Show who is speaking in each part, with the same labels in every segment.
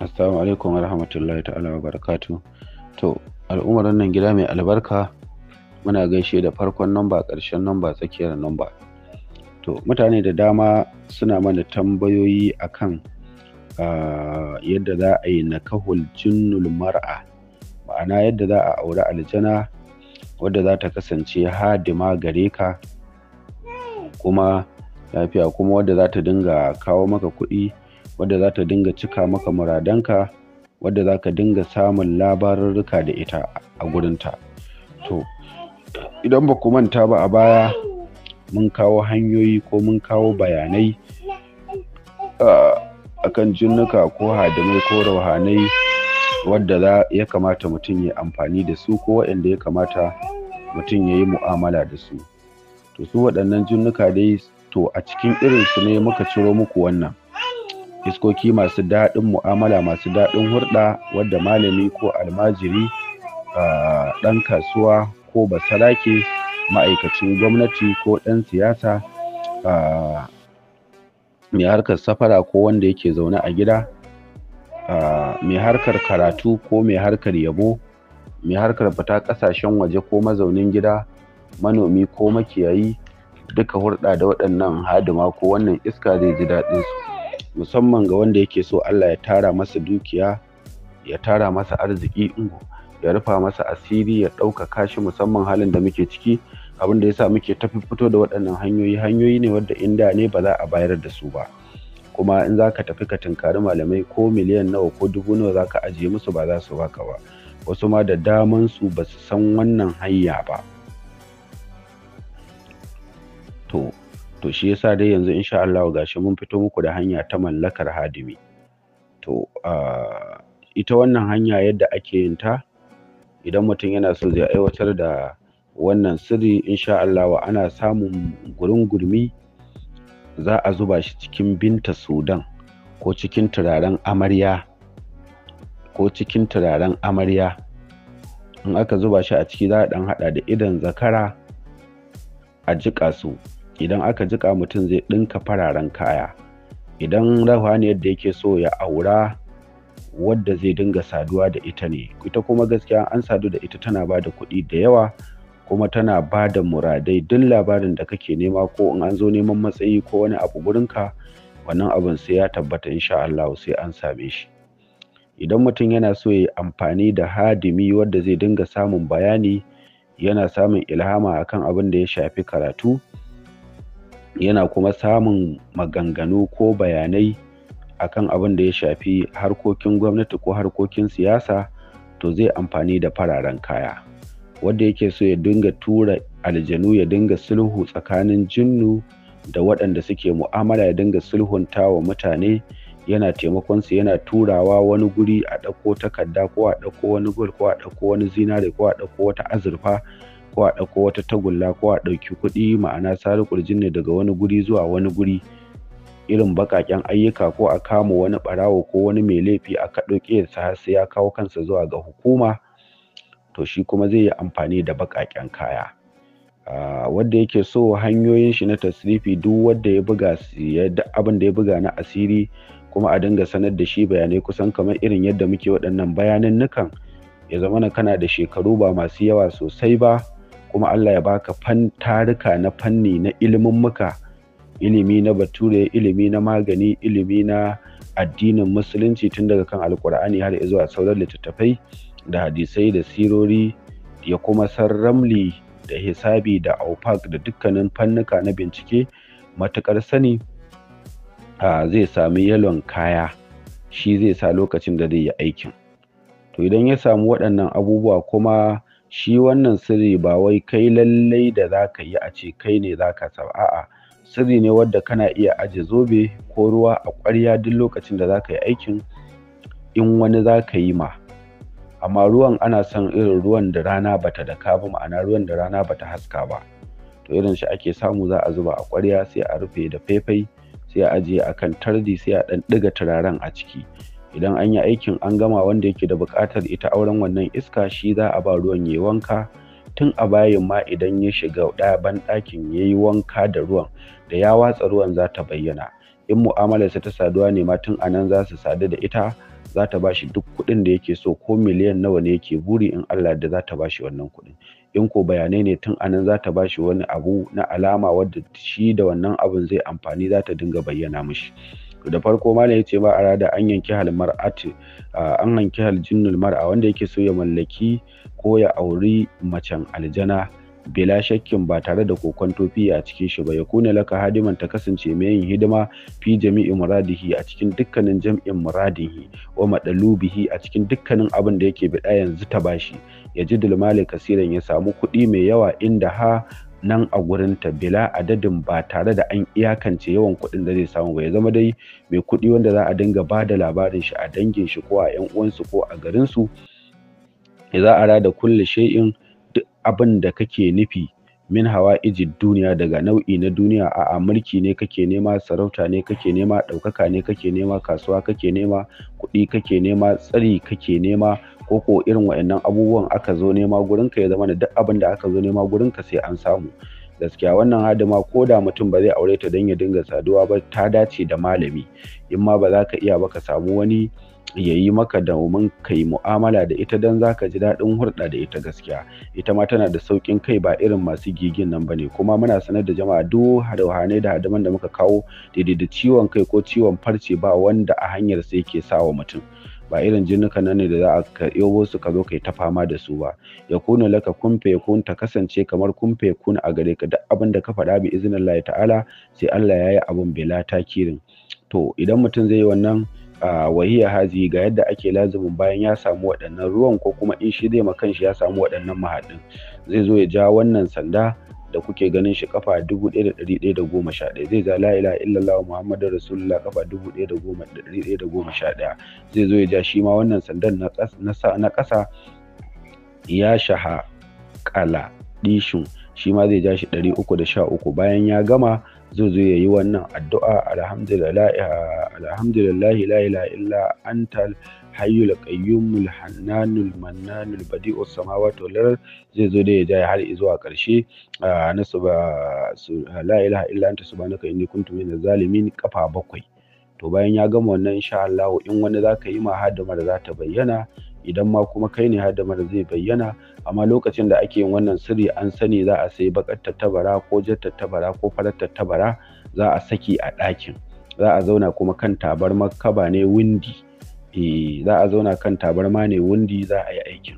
Speaker 1: assalamu alaikum warahmatullahi ta'ala barakatu. to al'ummar wannan gida mai albarka muna gaishe da farkon namba ƙarshen namba tsakiyar namba to mutane da dama suna mana tambayoyi akan kan yadda za a yi nakahul jinnul mar'a ma'ana yadda za a aure aljana wadda za ta kasance hadima gare ka kuma lafiya kuma wadda za ta dinga kawo maka kuɗi wadda za ta dinga cika maka muradanka wadda za ka dinga samun labarurruka da ita a gurinta to idan ba ku manta ba a baya mun kawo hanyoyi ko mun kawo bayanai kan jinnuka ko hadimai ko rauhanai wadda za ya kamata mutum ya amfani da su ko waɗanda ya kamata mutum ya yi mu'amala da su to su waɗannan jinnuka dai to a cikin irinsu ne muka ciro muku wannan iskoki masu daɗin mu'amala masu daɗin hurɗa wadda malami ko almajiri ɗan kasuwa ko basarake ma'aikacin gwamnati ko ɗan siyasa mai harkar safara ko wanda yake zaune a gida mai harkar karatu ko mai harkar yabo mai harkar fita ƙasashen waje ko mazaunin gida manomi ko makiyayi duka hurɗa da waɗannan hadima ko wannan iska zai ji daɗinsu musamman ga wanda yake so Allah ya tara masa dukiya ya tara masa arziki ingo ya rufa masa asiri ya ɗaukaka shi musamman halin da muke ciki abin da yasa muke tafi fito da waɗannan hanyoyi hanyoyi ne wadda inda ne ba za a bayar da su ba kuma in za ka tafi ka tunkari malamai ko miliyan nawa ko dubu nawa za ka ajiye musu ba za su baka ba wasu ma da daman su ba su san wannan hanya ba to to shi yasa dai yanzu insha Allah shi mun fito muku da hanya ta mallakar hadimi to uh, ita wannan hanya yadda ake yin ta idan mutum yana so zai aiwatar da wannan sirri insha Allah ana samun gurin gurmi za a zuba shi cikin binta sudan ko cikin turaren amarya ko cikin turaren amarya in aka zuba shi a ciki za a ɗan haɗa da idan zakara a jiƙa su idan aka jika mutum zai ɗinka fararen kaya idan ruhaniyar da yake so ya aura wadda zai dinga saduwa da ita ne ita kuma gaskiya an sadu da ita tana ba da kuɗi da yawa kuma tana ba da muradai duk labarin da kake nema ko in an zo neman matsayi ko wani abu gurinka wannan abin sai ya tabbata insha Allah sai an same shi idan mutum yana so ya amfani da hadimi wadda zai dinga samun bayani yana samun ilhama akan abin da ya shafi karatu yana kuma samun maganganu ko bayanai akan abin da ya shafi harkokin gwamnati ko harkokin siyasa to zai amfani da fararen kaya wanda yake so ya dinga tura aljanu ya dinga sulhu tsakanin jinnu da waɗanda suke mu'amala ya dinga sulhunta wa mutane yana taimakonsu yana turawa wani guri a ɗauko takarda ko a ɗauko wani gol ko a ɗauko wani zinare ko a ɗauko wata azurfa ko a ɗauko wata tagulla ko a ɗauki kuɗi ma'ana sari kurjin ne daga wani guri zuwa wani guri irin baƙaƙen ayyuka ko a kama wani ɓarawo ko wani mai laifi a kaɗo ƙiyarsa har sai ya kawo kansa zuwa ga hukuma to shi kuma zai yi amfani da baƙaƙen kaya ah, wanda yake so hanyoyin shi na tasrifi duk wadda ya buga duk abin da ya buga na asiri kuma a dinga sanar da shi bayanai kusan kamar irin yadda muke waɗannan bayanan nukan ya zama kana da shekaru ba masu yawa sosai ba kuma Allah ya baka fan tarika na fanni na ilimin muka ilimi na bature ilimi na magani ilimi na addinin musulunci tun daga kan alkur'ani har zuwa sauran littattafai da hadisai da sirori ya kuma san ramli da hisabi da aupak da dukkanin fannuka na bincike matukar sani zai sami yalon kaya shi zai sa lokacin da zai yi aikin to idan ya samu waɗannan abubuwa kuma shi wannan sirri ba wai kai lallai da za ka yi a ce kai ne za ka sa a'a sirri ne wadda kana iya aje zobe ko ruwa a ƙwarya duk lokacin da za ka yi aikin in wani za ka yi ma amma ruwan ana son irin ruwan da rana bata daka ba ma'ana ruwan da rana bata haska ba to irin shi ake samu za a zuba a ƙwarya sai a rufe da faifai sai a ajiye a kan tardi sai a ɗan ɗiga turaren a ciki idan an yi aikin an gama wanda yake da buƙatar ita auren wannan iska shi za a ba ruwan ya wanka tun a bayin ma idan ya shiga ɗaban ɗakin ya yi wanka da ruwan da ya watsa ruwan za ta bayyana in mu'amalarsa ta saduwa ne ma tun anan nan za su sadu da ita za ta bashi duk kuɗin da yake so ko miliyan nawa ne yake buri in Allah da za ta bashi wannan kuɗin in ko bayanai ne tun anan za ta bashi wani abu na alama wadda shi da wannan abun zai amfani za ta dinga bayyana mishi. da farko malam yace ba arada an yanki hal mar'ati an hanki hal jinnul mar'a wanda yake so ya mallaki ko ya auri macen aljana bila shakkin ba tare da kokon tofi a cikin shi ba ya kuna laka hadiman ta kasance mai yin hidima fi jami'i muradihi a cikin dukkanin jam'in muradihi wa madalubihi a cikin dukkanin abin da yake bida yanzu ta bashi ya ji dulmali kasiran ya samu kuɗi mai yawa inda ha nan a gurinta bila adadin ba tare da an iyakance yawan kuɗin da zai samu ba ya zama dai mai kuɗi wanda za a dinga ba da labarin shi a dangin shi ko a 'yan uwansu ko a garin su, ya za a rada kulle shay'in duk abin da kake nufi min hawa iji duniya daga nau'i na duniya a'a mulki ne kake nema sarauta ne kake nema ɗaukaka ne kake nema kasuwa kake nema kuɗi kake nema tsari kake nema ko irin wa'annan abubuwan aka zo nema gurin ka ya zama da duk abin da aka zo nema gurin ka sai an samu gaskiya wannan hadima ko da mutum ba zai aure ta don ya dinga saduwa ba ta dace da malami in ma ba za ka iya ba ka samu wani ya yi maka domin ka yi mu'amala da ita don zaka ji daɗin hulɗa da ita gaskiya ita ma tana da sauƙin kai ba irin masu gigin nan ne. kuma muna sanar da jama'a duk hadauhane da hadaman da muka kawo daidai da ciwon kai ko ciwon farce ba wanda a hanyar sai ke sawa mutum ba irin jinnuka nan ne da za a ka su ka zo kai ta fama da su ba ya kuna laka kun kun ta kasance kamar kun kun a gare ka duk abin da ka faɗa bi izinin Allah ta'ala sai Allah ya yi abin bela ta kirin. to idan mutum zai yi wannan wahiya hazi ga yadda ake lazumin bayan ya samu waɗannan ruwan ko kuma in shi zai ma kanshi ya samu waɗannan mahaɗin zai zo ya ja wannan sanda da kuke ganin shi kafa ɗaya? zai zala ila illallah muhammadu rasulullah kafa ɗaya zai zo ya ja shi ma wannan sandan na ƙasa ya shaha kala ɗishin shi ma zai ja shi ɗari uku da sha uku bayan ya gama zai zo ya yi wannan addu'a alhamdulillah alhamdulillah la ilaha illa anta hayyul qayyumul hannanul mannanul badi'us samawati wal ard zai zo da ya har zuwa karshe na suba la ilaha illa anta subhanaka inni kuntu minaz zalimin kafa bakwai to bayan ya gama wannan insha Allah in wani zaka yi ma har da za ta bayyana idan ma kuma kai ne har da mara zai bayyana amma lokacin da ake yin wannan sirri an sani za a sai bakar tattabara ko jar tattabara ko farar tattabara za a saki a ɗakin za a zauna kuma kan tabarma kaba ne windi eh, za a zauna kan tabarma ne windi za a yi aikin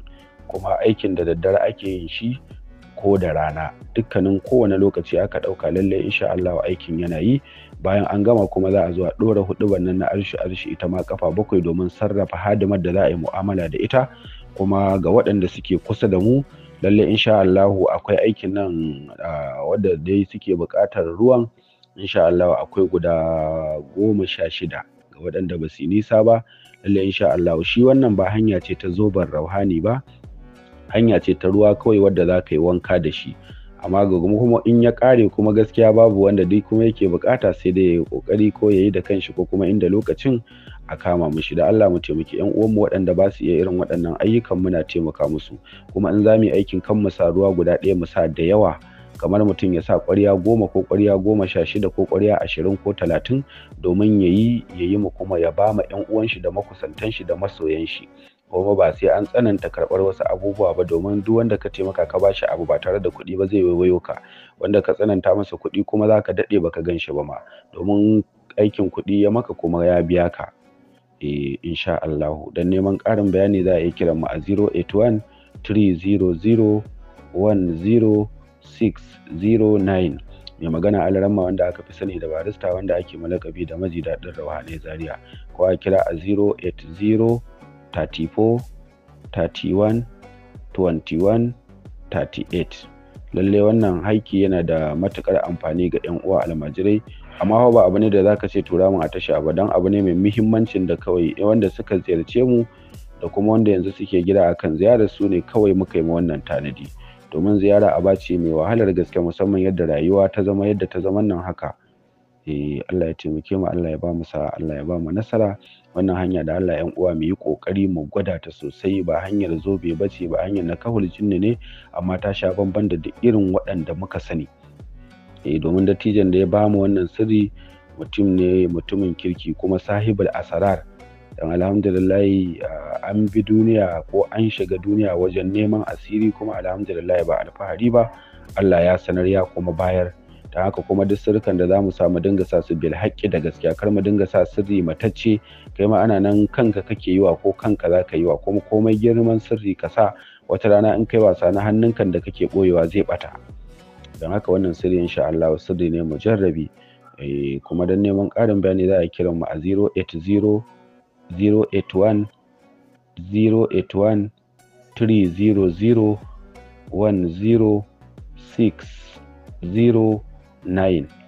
Speaker 1: kuma aikin da daddare ake yin shi ko da rana dukkanin kowane lokaci aka ɗauka lallai insha Allah aikin yana yi bayan an gama kuma za a zo a ɗora hudu wannan na arshi arshi ita ma kafa bakwai domin sarrafa hadimar da za a yi mu'amala da ita kuma ga waɗanda suke kusa da mu lallai insha Allah akwai aikin nan wadda dai suke buƙatar ruwan insha Allah akwai guda goma sha shida ga waɗanda ba su nisa ba lallai insha Allah shi wannan ba hanya ce ta zoban rauhani ba hanya ce ta ruwa kawai wadda za ka yi wanka da shi amma ga kuma in ya kare kuma gaskiya babu wanda duk kuma yake bukata sai dai ya yi kokari ko ya yi da kanshi ko kuma inda lokacin a kama mushi da Allah mu taimaki yan uwanmu waɗanda ba su iya irin waɗannan ayyukan muna taimaka musu kuma in za mu yi aikin kan mu sa ruwa guda ɗaya mu sa da yawa kamar mutum ya sa ƙwarya goma ko ƙwarya goma sha shida ko ƙwarya ashirin ko talatin domin ya yi ya yi mu kuma ya ba ma 'yan uwan shi da makusantan shi da masoyan shi kuma ba sai an tsananta karɓar wasu abubuwa ba domin duk wanda ka taimaka ka ba shi abu ba tare da kuɗi ba zai waiwayo ka wanda ka tsananta masa kuɗi kuma za ka daɗe baka gan shi ba ma domin aikin kuɗi ya maka kuma ya biya ka eh insha Allah dan neman ƙarin bayani za a yi kiran mu a 081 300 10609 mai magana alaramma wanda aka fi sani da barista wanda ake malakabi da maji daɗin zaria ko a kira a 080 34 31 21 lalle wannan haiki yana da matukar amfani ga yan uwa almajirai amma ba abu ne da ka ce tura mu a tasha ba Dan abu ne mai muhimmancin da kawai wanda suka ziyarce mu da kuma wanda yanzu suke gida akan ziyarar su ne kawai muka yi wannan tanadi domin ziyara aba ce mai wahalar gaske musamman yadda rayuwa ta zama yadda ta zaman nan haka eh Allah ya taimake mu Allah ya ba mu sa'a Allah ya ba mu nasara wannan hanya da Allah ƴan uwa mu yi kokari mu gwada ta sosai ba hanyar zobe ba ce ba hanyar na kahul jinni ne amma ta sha bamban da irin waɗanda muka sani eh domin dattijan da ya ba mu wannan sirri mutum ne mutumin kirki kuma sahibul asarar dan alhamdulillahi ah, an bi duniya ko an shiga duniya wajen neman asiri kuma alhamdulillah ba alfahari ba Allah ya sanar ya kuma bayar ta haka kuma duk sirrukan da za mu samu dinga sa su bil haƙƙi da gaskiya kar mu dinga sa sirri matacce kai ma ana nan kanka kake yi wa ko kanka za ka yi wa kuma komai girman sirri ka sa wata rana in kai wasa na hannunkan da kake ɓoyewa zai ɓata don haka wannan sirri insha Allah sirri ne mujarrabi eh, kuma don neman ƙarin bayani za a kira mu a 080 081 081 300 nine